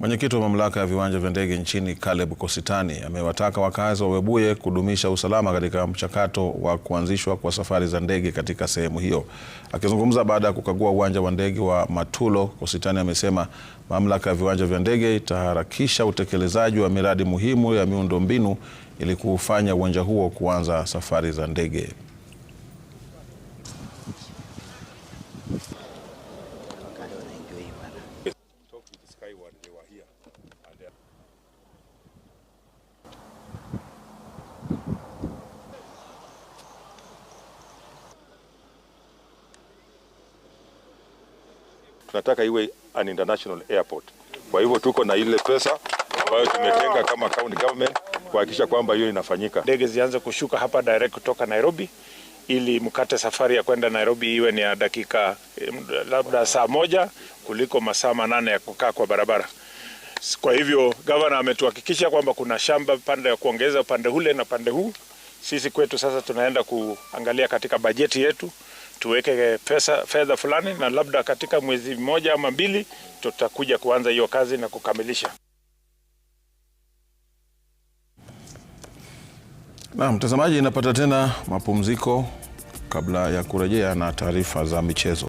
Mwenyekiti wa mamlaka ya viwanja vya ndege nchini Caleb Kositani amewataka wakazi wa Webuye kudumisha usalama katika mchakato wa kuanzishwa kwa safari za ndege katika sehemu hiyo. Akizungumza baada ya kukagua uwanja wa ndege wa Matulo, Kositani amesema mamlaka ya viwanja vya ndege itaharakisha utekelezaji wa miradi muhimu ya miundombinu ili kuufanya uwanja huo kuanza safari za ndege. tunataka iwe an international airport. Kwa hivyo tuko na ile pesa ambayo tumetenga kama county government kuhakikisha kwamba hiyo inafanyika, ndege zianze kushuka hapa direct kutoka Nairobi ili mkate safari ya kwenda Nairobi iwe ni ya dakika eh, labda saa moja kuliko masaa manane ya kukaa kwa barabara. Kwa hivyo gavana ametuhakikisha kwamba kuna shamba pande ya kuongeza upande ule na pande huu. Sisi kwetu sasa tunaenda kuangalia katika bajeti yetu tuweke pesa fedha fulani, na labda katika mwezi mmoja ama mbili tutakuja kuanza hiyo kazi na kukamilisha. Na mtazamaji, inapata tena mapumziko kabla ya kurejea na taarifa za michezo.